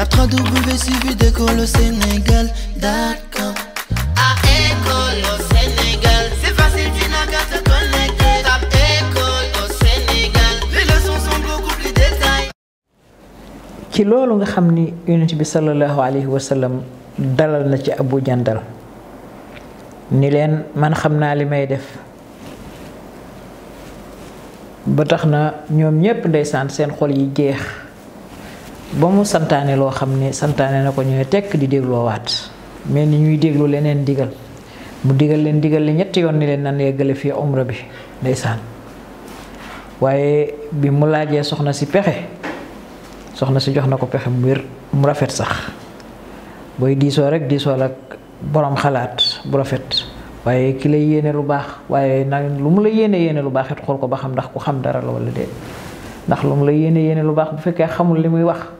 Tape 3 d'école au Sénégal D'accord À école e au Sénégal C'est facile tu n'as qu'à te connecter Tape école au Sénégal Les leçons sont beaucoup plus détaillées ci loolu nga xam ni yonent bi sallallahu alayhi wa sallam dalal na ci Abu Jandal ni len man xamna naa li may def ba taxna ñom ñepp ñépp ndeysaan seen xol yi jeex ba mu santaane loo xam ne santaane na ko di tekk di dégloowaat mais ni ñuy deglo leneen digal mu digal leen digal li ñetti yoon ni leen nan yeggale fi umra bi ndaysan waye bi mu laaje soxna ci pexé soxna si jox na ko mu wér mu rafet sax booy diisoo rek diisool lak borom xalaat bu rafet waye ki lay yene lu bax waye nag lu mu lay yene yene lu baxet xol ko ba xam ndax ku xam dara la wala de ndax lu mu lay yene yene lu bax bu fekke xamul limuy wax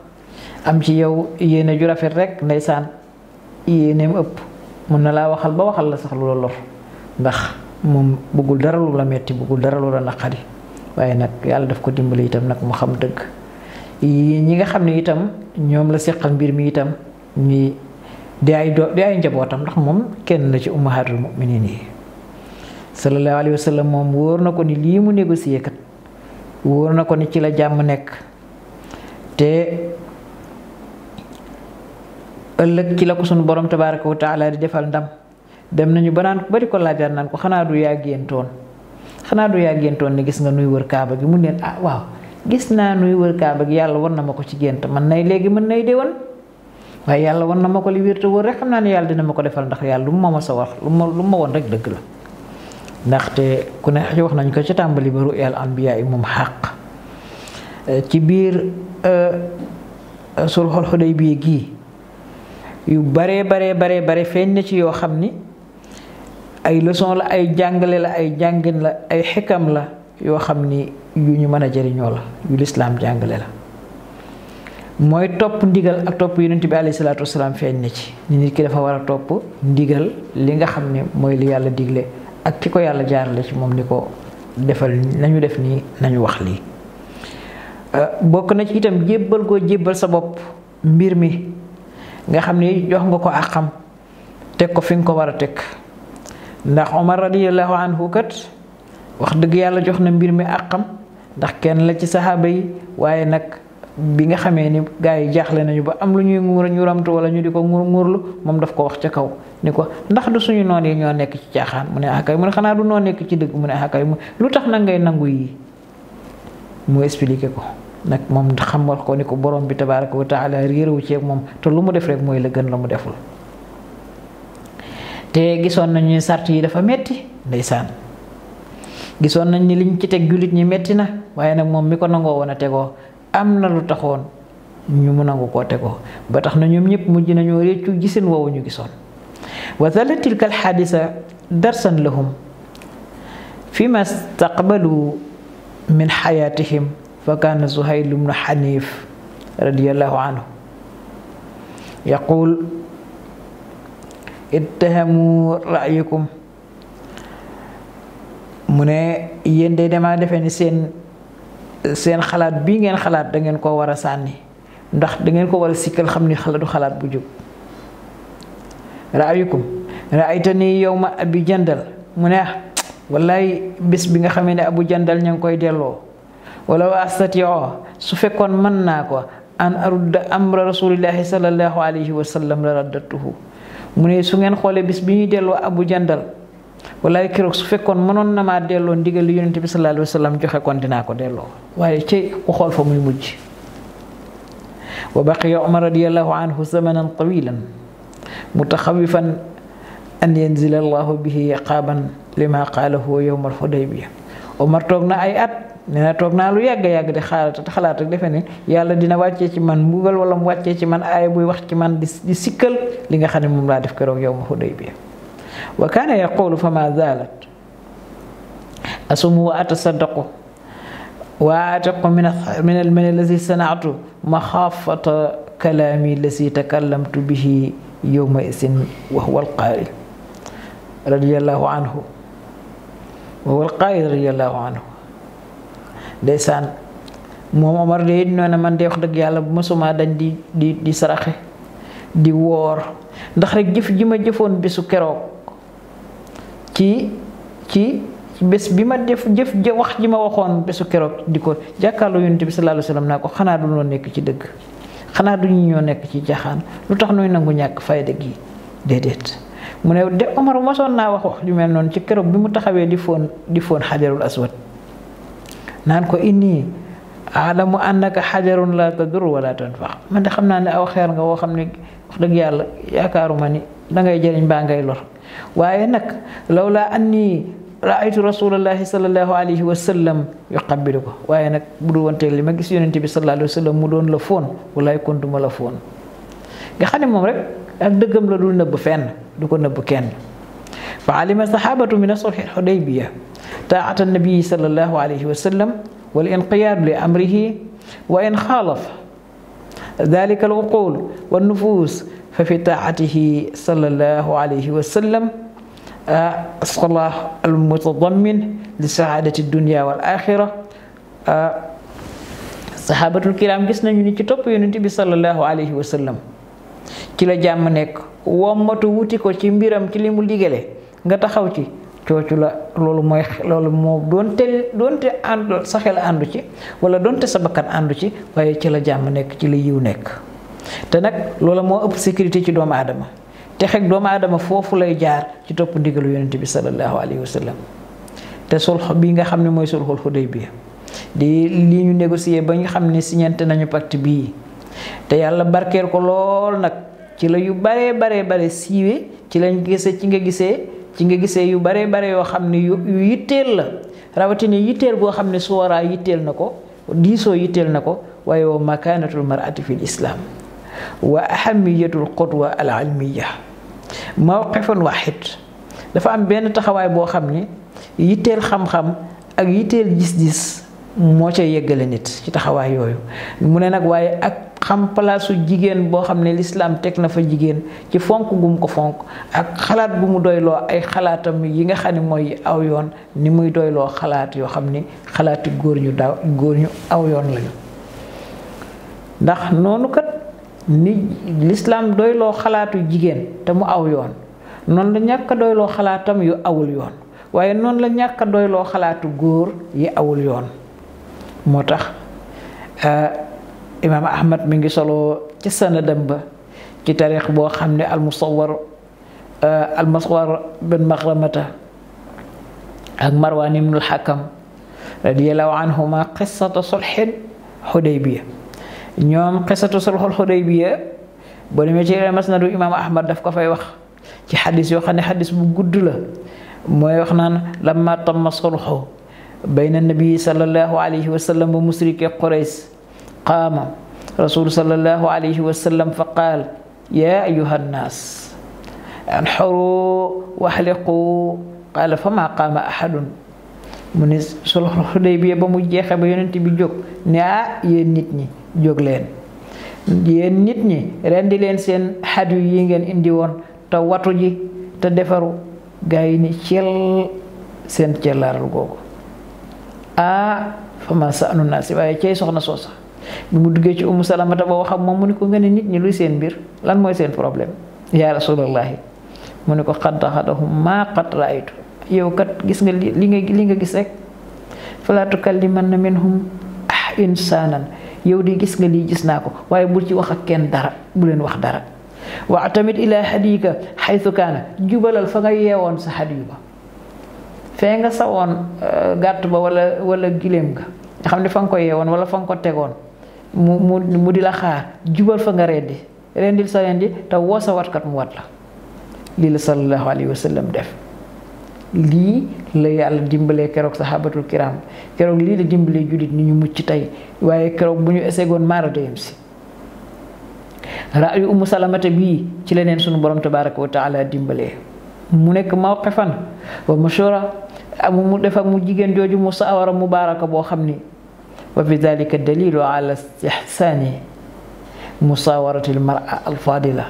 am ci yow yene ju rafet rek yene yéeneem upp mun la waxal ba waxal la sax lu lor ndax mom bugul dara lu la metti bugul dara lu la nakari waye nak yalla daf ko dimbali itam nak mu xam dëgg ñi nga xamni itam ñom la sekkal mbir mi itam ni di ay do di ay njabotam ndax mom kenn la ci ummahatul muminin sallallahu alaihi wasallam mom woor nako ni li mu négocié kat woor nako ni ci la nek te ëllëg ci la ko sunu borom tabaaraka wa taala di defal ndam dem nañu ba naan bari ko laajaat naan ko xanaa du yaa géntoon xanaa du yaa géntoon ne gis nga nuy wër kaaba gi mun neen ah waaw gis naa nuy wër kaaba gi yàlla war na ma ko ci gént man nay léegi mën nay de déwan waaye yàlla war na ma ko li wér te wóor xam naa ne yàlla dina ma ko defal ndax yàlla lu mu ma ma sa wax lu ma lu ma woon rek dëgg la ndaxte ku ne wax nañ ko ci tàmbali ba ruya al anbiya yi moom xàq ci biir euh, yu baree baree baree bare feeñ na ci yoo xam ni ay lëson la ay jàngale la ay jàngin la ay xikam la yoo xam ni yu ñu mën a jëriñoo la yu lislaam jàngale la mooy topp ndigal ak topp yonent bi alayhi salaatu wasalaam feeñ na ci ni nit ki dafa war a topp ndigal li nga xam ne mooy li yàlla digle ak ki ko yàlla jaarale ci moom ni ko defal nañu def nii nañu wax lii euh, bokk na ci itam jébbal koo jébbal sa bopp mbir mi nga xamni jox nga ko akam tek ko fiñ ko wara tek ndax omar radiyallahu anhu kat wax deug yalla jox na mbir mi akam ndax kenn la ci sahaba yi waye nak bi nga xamé ni gaay jaxlé nañu ba am lu ñuy ñu ramtu wala ñu diko ngur ngurlu mom daf ko wax ci kaw niko ndax du suñu non yi ñoo nekk ci jaxaan mu ne akay ah mu ne du nekk ci deug mu akay ah lu tax na ngay nangu yi mu expliquer ko nag moom xam xamal ko ni ko borom bi tabaaraka wa taala réeréwu ci ak moom te lu mu def rek mooy la gën la mu deful te gisoon nañu ni sart yi dafa metti ndeysaan gisoon nañ ni liñ ci teg jullit ñi metti na waaye nag moom mi ko nangoo woon a tegoo am na lu taxoon ñu mu nangu koo tegoo ba tax na ñoom ñëpp mujj nañoo réccu gisin woowu ñu gisoon wa thala tilka alxaadisa darsan lahum fi ma staqbalu min xayaatihim فكان زهيل بن حنيف رضي الله عنه يقول اتهموا رأيكم من يين دي دما ديفني سين سين خلات بي نين خلات دا نين كو ورا ساني ndax da ngeen ko bu jub ma abi jandal mu ne ah wallaay bi nga abu jandal ولو استطيعوا سفكون مناكو ان ارد امر رسول الله صلى الله عليه وسلم لردته مني سوغن خولي بس بي ديلو ابو جندل ولا كيرو سفكون منون نما ديلو ديغل يونتبي صلى الله عليه وسلم جوخه كون ديناكو ديلو واي تي خول فامي موجي وبقي عمر رضي الله عنه زمنا طويلا متخوفا ان ينزل الله به عقابا لما قاله يوم الحديبيه عمر توغنا اي ات nee na toog naa lu yàgg yàgg di xaarat xalaat rek defe ne yàlla dina wàccee ci man mbugal wala mu wàccee ci man aaya buy wax ci man di di sikkal li nga xam ne moom laa def keroog yow ma xuday bi wa kaana yaqulu fa ma zalat asumu wa wa atiqu min min min allazi sanatu maxaafata kalaami allazi takallamtu bihi yowma isin wa huwa alqaari radiallahu anhu wa huwa alqaari radiallahu anhu desan moom Omar de it na man de wax deug yalla bu dañ di di di saraxé di wor ndax rek jëf jima jëfone bisu kéro ci ci jif bi ma def jëf wax jima waxone bisu kéro diko di yunus bi sallallahu alayhi wasallam nako xana du no nek ci deug xana du ñu ñoo nekk ci jaxaan lutax noy nangu ñak fayda gi dedet mu ne de Omar mosoon na wax wax ju mel non ci bi mu taxawé di fon di fon hadirul aswad naan ko inni alamu annaka xajarun la tadur wala tanfax man de xam naa ne aw xeer nga woo xam ne wax dëgg yàlla yaakaaruma ni dangay jëriñ baa ngay lor waaye nag lawla laa raaytu rasulallahi salallahu alayhi wa sallam yuqabbilu ko waaye nag bu dul wanteeg li ma gis yonente bi salallahu alayhi wa sallam mu doon la foon walaay kontuma la foon nga xam ne moom rek ak dëggam la du nëbb fenn du ko nëbb kenn fa alima sahabatu min asulxil xudaybiya طاعة النبي صلى الله عليه وسلم والانقياد لأمره وإن خالف ذلك العقول والنفوس ففي طاعته صلى الله عليه وسلم الصلاة المتضمن لسعادة الدنيا والآخرة آه، صحابة الكرام جسنا يوني كتب يوني صلى الله عليه وسلم كلا جامنك ومتووتي كو تيمبيرام كلي مولي غلي nga taxaw ci coocu la lolou moy lolou mo donte donte ànd sa xel àndu ci wala donte sa bakkat andu ci waye ci la jamm nek, ci la yiw nek te nak lolou mo upp sécurité ci doomu adama te xek doomu adama fofu lay jaar ci top digelu yoonte bi sallallahu alayhi wasallam te sulh bi nga xamne moy sulhul hudaybiyah di li ñu négocier ba nga xamne ne signante nañu pacte bi te yalla barkel ko lol nak ci la yu bare bare bare siwe, ci lañu gisse ci nga gisse ci nga gisee yu bare bare yoo xam ne yu yu yitteel la rawatina yitteel boo xam ne suwaraa yitteel na ko diisoo yitteel na ko waaye wa makaanatul mar'ati fil islaam wa ahamiyatul qudwa al ilmiya mawqifan waxid dafa am benn taxawaay boo xam ne yitteel xam-xam ak yitteel gis-gis moo ca yeggale nit ci taxawaay yooyu mu ne nag waaye ak xam palaasu jigéen boo xam ne lislaam teg na fa jigéen ci fonk gum ko fonk ak xalaat bu mu doyloo ay xalaatam yi nga xam ne mooy aw yoon ni muy doyloo xalaat yoo xam ni xalaati góor ñu daaw góor ñu aw yoon lañu ndax noonu kat ni lislaam doyloo xalaatu jigéen te mu aw yoon noonu la ñàkk doyloo xalaatam yu awul yoon waaye noonu la ñàkk doyloo xalaatu góor yi awul yoon moo tax euh, imam ahmad mi ngi solo ci sanadam ba ci taarix boo xam ne almusawar almaswar bin maxramata ak marwan ibnu alxakam radiallahu anhuma qisata sulxin xudaybiya ñoom qisatu sulxul xudaybiya boo demee ci masnadu imaam ahmad daf ko fay wax ci xadis yoo xam ne xadis bu gudd la mooy wax naan lamma tamma sulxu bayna nabii salallahu alayhi wa sallam ba musrike qurays qama Rasul sallallahu alaihi wasallam Fakal ya ayuhan nas anhuru wahliqu qala fama qama ahadun mu ne solo Hudaybiyya ba mu jeexe ba yonent bi jóg ne ah yéen nit ñi jóg leen yéen nit rendi leen seen xadu yi ngeen indi woon te watu ji defaru gaa yi ni cel seen celaaral googu ah fa ma sa anu naa si waaye bi mu duggee ci umu salamata ba waxam moom mu ni ko nga ne nit ñi luy seen mbir lan mooy seen problème yaa rasulallahi mu ni ko xadd xadahum maa xat yow kat gis nga li nga li nga gis rek falaa tukallimanna minhum ah insaanan yow di gis nga lii gis naa ko waaye bu ci wax ak kenn dara bu leen wax dara waa tamit ilaa hadika xaytu kaana jubalal fa nga yeewoon sa hadiyu ba fee nga sawoon euh, gàtt ba wala wala giléem ga nga xam ne fa nga ko yeewoon wala fa nga mu mu mu di la xaar jubal fa nga rendi rendil sa rendi te wo sa kat mu wat la li la sallallahu alaihi wasallam def li la yalla dimbalé kérok sahabatul kiram kérok li la dimbalé judit ni ñu mucc tey waaye keroog bu ñu esegoon maara dayam si ra'yu umu salamata bi ci leneen sunu borom tabaraka wa taala dimbalé mu nek mawqifan wa mashura mu def ak mu jigen joju mu saawara mubaaraka boo وبذلك الدليل على استحسان مصاورة المرأة الفاضلة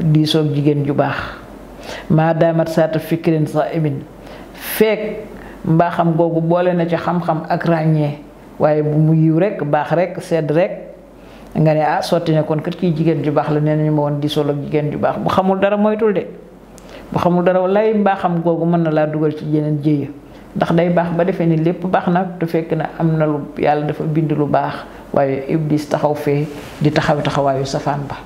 دي سوك جيجن جباخ ما دامت سات فكر صائم فيك mbaxam gogu boole na ci xam xam ak ràññee waaye bu mu yiw rek baax rek sedd rek nga ne ah sotti ne kon kat kii jigéen ju bax la nee nañu ma woon di solo jigéen ju bax bu xamul dara moytul de bu xamul dara lay mbaaxam googu mën na la duggal ci yenen jéeya ndax day baax ba defee ni lépp baax nag te fekk na am na lu yàlla dafa bind lu baax waaye iblis taxaw fee di taxaw taxawaayu safaan ba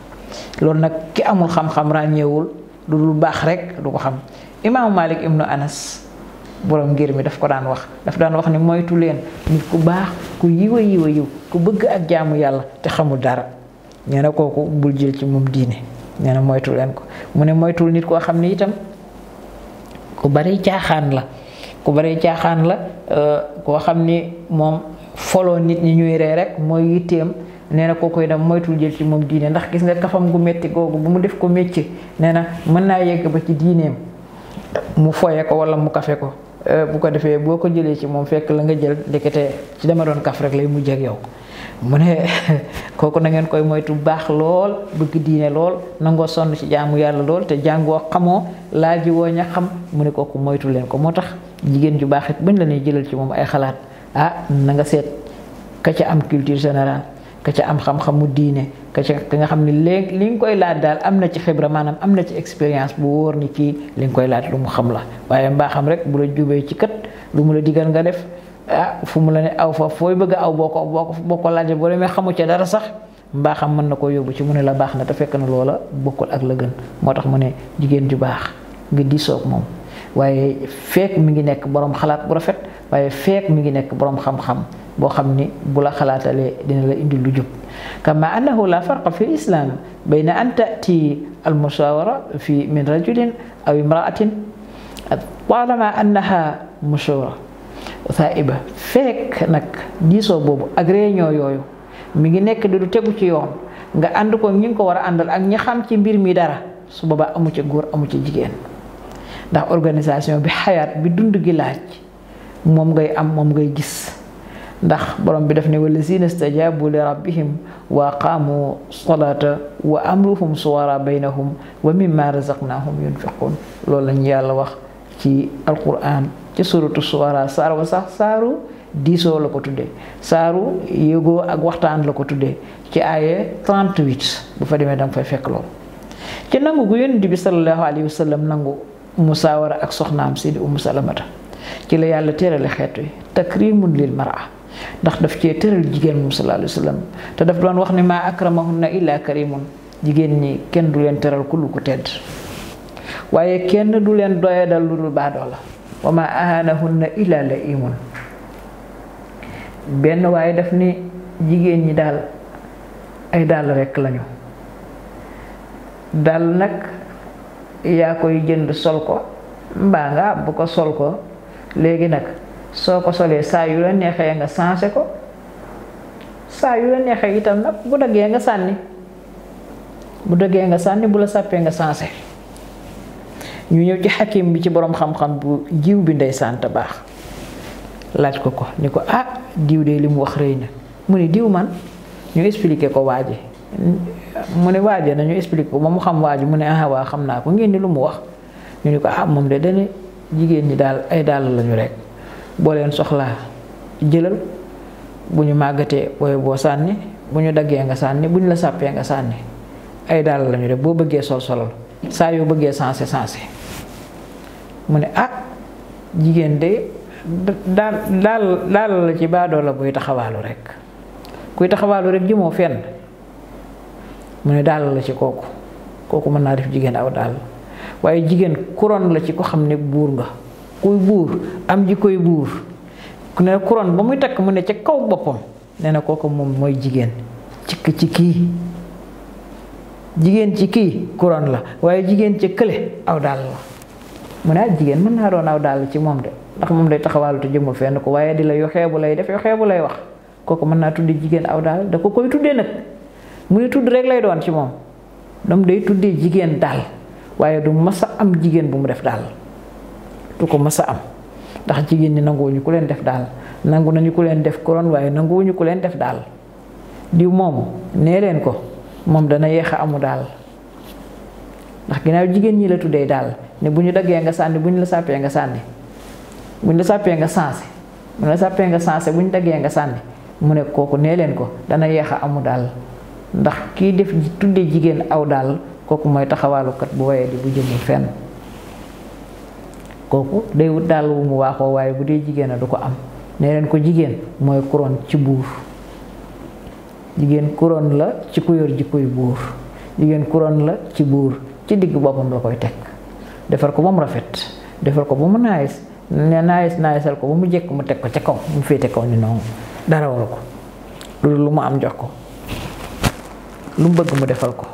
loolu nag ki amul xam-xam ràññeewul lu lu baax rek du ko xam imaamu Malik ibnu Anas borom ngir mi daf ko daan wax daf daan wax ni moytu leen nit ku baax ku yiwa yiwa yiw ku bëgg ak jaamu yàlla te xamul dara nee na kooku bul jël ci moom diine nee moytu leen ko mu ne moytul nit koo xam ne itam ku bari caaxaan la ku bari caaxaan la euh, koo xam ni moom foloo nit ñi ñuy rey rek mooy yitteem nee koo koy itam moytul jël ci moom diine ndax gis nga kafam gu métti googu bu mu def ko métti nee na mën naa yegg ba ci diineem mu foye ko wala mu kafe ko euh, bu ko defee boo ko jëlee ci moom fekk la nga jël ndekete ci dama doon kaf rek lay mujj yow. mune koku na ngeen koy moytu baax lol bëgg diine lol nangoo son ci jaamu yalla lol te jàngoo xamo laaji woña xam mune koku moytu len ko motax jigen ju baxit it la ne jëlal ci mom ay xalaat ah na nga set ka ca am culture générale ka ca am xam-xamu diine ka ca ka nga xam ne léegi li nga koy laat dal am na ci xibra manam am na ci experience bu wor ni ki li nga koy laat lu mu xam la rek bu la jubee ci kat lu mu la digal nga def ah fu mu la ne aw fa foy bëgg aw boko boko boko ko bo ko xamu ci dara sax mbaaxam mën na koo yóbbu ci mu ne la bax na ta fekk na lola bokul ak la gën motax tax mu ne jigéen ju bax nga disok mom waye fek mi ngi nek borom xalaat bu rafet waye fek mi ngi nek borom xam-xam bo xamni bu la xalaatale dina la indi lu jup kama annahu la farqa fi islam bayna an ta'ti al musawara fi min rajulin aw imraatin طالما annaha mushawara saa iba fekk nag diisoo boobu ak réunion yooyu mu ngi nekk di du tegu ci yoon nga ànd ko ñi ngi ko war a àndal ak ñi xam ci mbir mi dara su boobaa amu ci góor amu ci jigéen ndax organisation bi xayaat bi dund gi laaj moom ngay am moom ngay gis ndax borom bi daf ne wallazina stajabu li rabbihim wa qaamu solata wa amruhum suwara baynahum wa mimma razaqnahum yunfiqun loolu lañu yàlla wax ci alquran ci suratu suwara saar wa sax saaru diisoo la ko tuddee saaru yëgoo ak waxtaan la ko tuddee ci aaye 38 bu fa demee danga fay fekk loolu ci nangu gu di bi sallallahu alayhi wa sallam nangu musaawara ak soxnaam si di umu salamata ci la yàlla terale xeet wi takrimun lil mara ndax daf cee teral jigéen moom sallallahu alayhi te daf doon wax ni maa akramahunna illa karimun jigéen ñi kenn du leen teral ku lu ko tedd waaye kenn du leen doyadal lu dul baadoo wa ma ahanahunna illa la imun benn waaye def ni jigéen ñi daal ay dàll rekk lañu dàll nag yaa koy jënd sol ko mbaa nga àbb ko sol ko léegi nag soo ko solee saa yu la neexee nga sansé ko saa yu la neexee itam nag bu dëggee nga sànni bu dëggee nga sànni bu la sàppee nga sansé ñu ñëw ci xakim bi ci boroom xam-xam bu jiw bi ndeysaan te baax laaj ko ko ni ko ah diw de li mu wax rëy na mu ne diw man ñu expliqué ko waaje mu ne waaje na ñu expliqué ko ba mu xam waaje mu ne ah waa xam naa ko ngeen ni lu mu wax ñu ni ko ah moom de dana jigéen ñi daal ay dàll lañu rek boo leen soxlaa jëlal bu ñu màggatee booy boo sànni bu ñu daggee nga sànni bu ñu la sàppee nga sànni ay dàll lañu rek boo bëggee sol solal saa yoo bëggee sensé sensé mu ne ah jigéen de daal daal daal la ci baadoo la buy taxawaalu rek kuy taxawaalu rek jëmoo fenn mu ne daal la ci kooku kooku mën naa def jigéen aw daal waaye jigéen couronne la ci ko xam ne buur nga kuy buur am ji koy buur ku ne couronne ba muy takk mu ne ca kaw boppam nee na moom mooy jigéen cikk ci jigéen ci kii couronne la waaye jigéen ci kële aw daal la mu ne ah jigéen mën naa doon aw dàll ci moom de ndax moom day taxawaalu te jëmul fenn ko waaye di la yu xeebu lay def yu xeebu lay wax kooku mën naa tuddi jigéen aw daal da ko koy tuddee nag mu ne tudd rek lay doon ci moom moom day tuddee jigéen daal waaye du mas am jigéen bu mu def daal du ko mas a am ndax jigéen ñi nanguwuñu ku leen def daal nangu nañu ku leen def couronne waaye nanguwuñu ku leen def daal diw moomu nee leen ko moom dana yéex a amu daal ndax ginnaaw jigéen ñii la tuddee daal ne bu ñu daggee nga sànni bu ñu la sàppee nga sànni bu ñu la sàppee nga sànse bu ñu la nga sànse bu daggee nga sànni mu ne kooku nee leen ko dana yéex a amu daal ndax kii def tuddee jigéen aw daal kooku mooy taxawaalukat bu wayee di bu jëmul fenn kooku day wut daal wu mu waaxoo waaye bu dee jigéen a du ko am nee leen ko jigéen mooy kuroon ci buur jigéen couronne la ci ku yor jikkoy buur jigéen couronne la ci buur ci digg boppam la koy teg defar ko ba mu rafet defar ko ba mu naayis ne naayis naayisal ko ba mu jekk mu teg ko ca kaw mu féete kaw ni noonu dara waru ko loolu lu mu am jox ko lu mu bëgg mu defal ko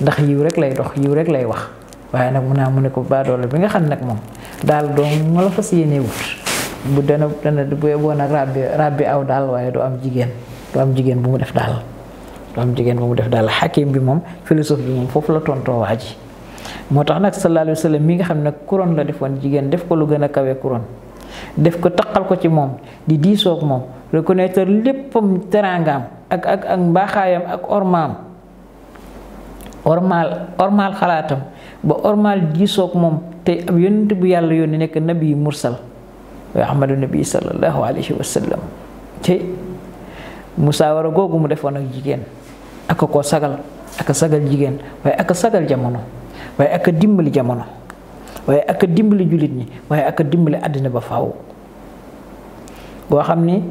ndax yiw rek lay dox yiw rek lay wax waaye nag mu naa mu ne ko baadoole bi nga xam nag moom daal doom ma la fas yéenee bu dana dana bu yeboon ak ràbbi ràbbi aw daal waaye du am jigéen du am jigéen bu mu def daal du am jigéen bu mu def daal xakim bi moom philosophe bi moom foofu la tontoo waa ji moo tax nag sallallahu alayhi wa sallam mi nga xam ne couronne la defoon jigéen def ko lu gën a kawe couronne def ko taqal ko ci moom di diisoog moom reconnaître léppam teraangaam ak ak ak mbaaxaayam ak ormaam ormaal ormaal xalaatam ba ormaal diisoog moom te ab bu yàlla yoon nekk nabi mursal wa ahmadu nabi sallallahu alayhi wa musaawara googu mu defoon ak jigéen aka ko sagal aka sagal jigéen waaye aka sagal jamono waaye aka dimbali jamono waaye aka dimbali jullit ñi waaye aka dimbali àddina ba faw boo xam ni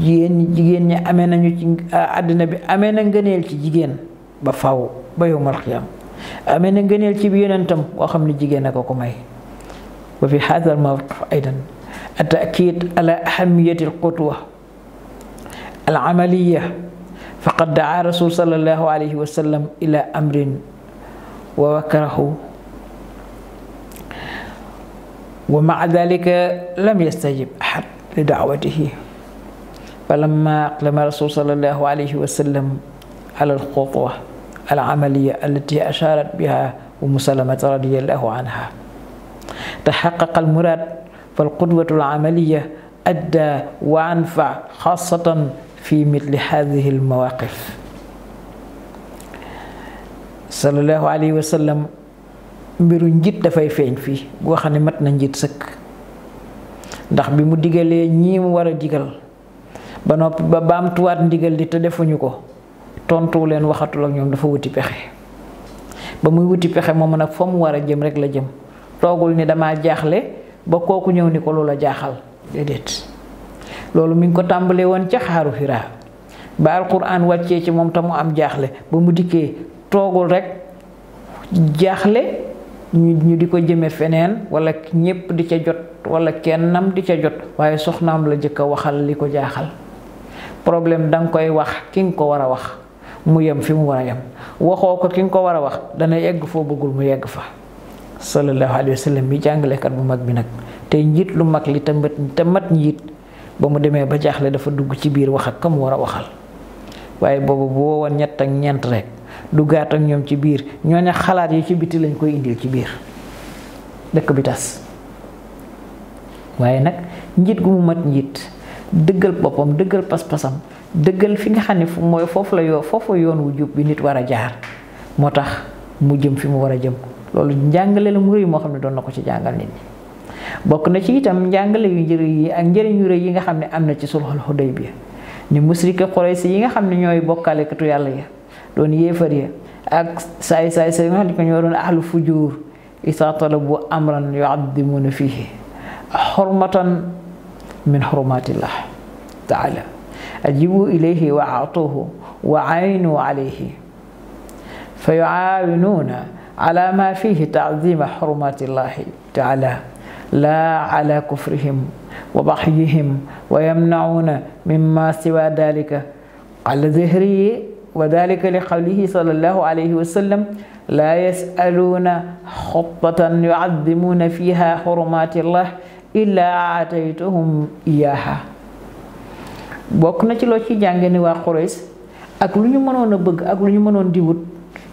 jigéen ñi jigéen ñi amee nañu ci àddina bi amee na ngëneel ci jigéen ba faaw ba yowmal xiyaam amee na ngëneel ci bi yonentam boo xam ni jigéen a ko ko may wa fi haadal mawqif aydan at taakid ala ahamiyati al qudwa العملية فقد دعا رسول صلى الله عليه وسلم إلى أمر ووكره ومع ذلك لم يستجب أحد لدعوته فلما أقلم رسول صلى الله عليه وسلم على الخطوة العملية التي أشارت بها أم سلمة رضي الله عنها تحقق المراد فالقدوة العملية أدى وأنفع خاصة في مثل هذه المواقف صلى الله عليه وسلم mbiru njit da fay feñ fi bo ne mat na njit seuk ndax bi mu digalee ñi mu wara digal ba nopi ba baamtuwaat digal di te defuñu ko tontu len waxatu lak ñom dafa wuti pexé ba muy wuti pexé fam wara jëm rek la jëm togul ni dama jaxlé ba koku ñew ni ko lula jaxal dedet lolou mi ngi ko tambalé won ci xaru Hira ba alquran wacce ci mom tamu am jaxlé ba mu diké togol rek jaxlé ñu ñu diko jëme fenen wala ñepp di ca jot wala kennam di ca jot waye soxnam la jëk waxal liko jaxal problème koy wax ki ko wara wax mu yam fi mu wara a waxo ko ki ko wara wax dana yegg fo bëggul mu yegg fa sallallahu alaihi wasallam mi mi kat bu mag bi nak te njit lu mag li te mat njit ba mu demee ba jaaxle dafa dugg ci biir wax ak kam wara waxal waye bobu bo won ñett ak ñent rek duggaat ak ñom ci biir ñooñu xalaat yi ci biti lañ koy indil ci biir dekk bi tass waye nak njit gu mat njit dëggal boppam dëggal pas-pasam dëggal fi nga xam moy fofu la yo fofu yoon wu jup bi nit wara jaar motax mu jëm fi mu wara jëm lolou jangale la mu reuy mo do nako ci jangal nit bokk na ci itam njàngale yu njëriñ yi ak njëriñ yu rëy yi nga xam ne am na ci sulhul Hudaybiya ni musrika Quraysi yi nga xam ne ñooy bokkaalekatu yàlla ya doon yéefar ya ak saay saay saay nga xam ne ko ñoo doon ahlu fujuur isa talabu amran yuaddimuuna fihi xurmatan min xurmatillah taala ajibu ilayhi wa aatuuhu wa aynu alayhi fa yuaawinuuna ala ma fihi taadima xurmatillahi taala laa ala kufrihim wa baxyihim wa yamnacuuna mimma siwa dalika qala zahriyi wa dalika li qawlihi sallallahu alayhi wa sallam laa yasaluuna xutatan yucadimuuna fiha xurumaati llah illaa aataytuhum iyaaha bokk na ci loo ci jànge ni waa ak lu ñu mënoon a bëgg ak lu ñu mënoon di wut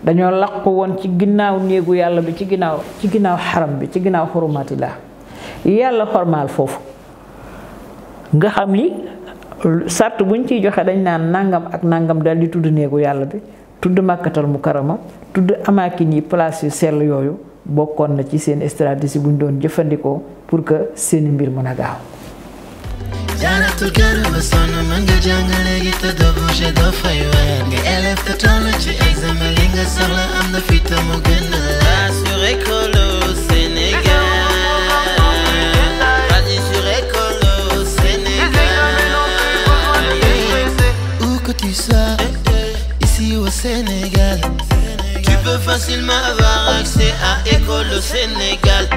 dañoo laqu woon ci ginnaaw néegu yàlla bi ci ginnaaw ci ginnaaw xaram bi ci ginnaaw xurumaati la yàlla xormaal foofu nga xam li sart buñ ciy joxe dañ naan nangam ak nangam dal di tudd néegu yàlla bi tudd màkkatal mu karama tudd amaakin yi place yu sell yooyu bokkoon na ci seen stratégie buñ doon jëfandikoo pour que seeni mbir mën a gaaw am Tu Ici au Sénégal Tu peux facilement avoir accès à école au Sénégal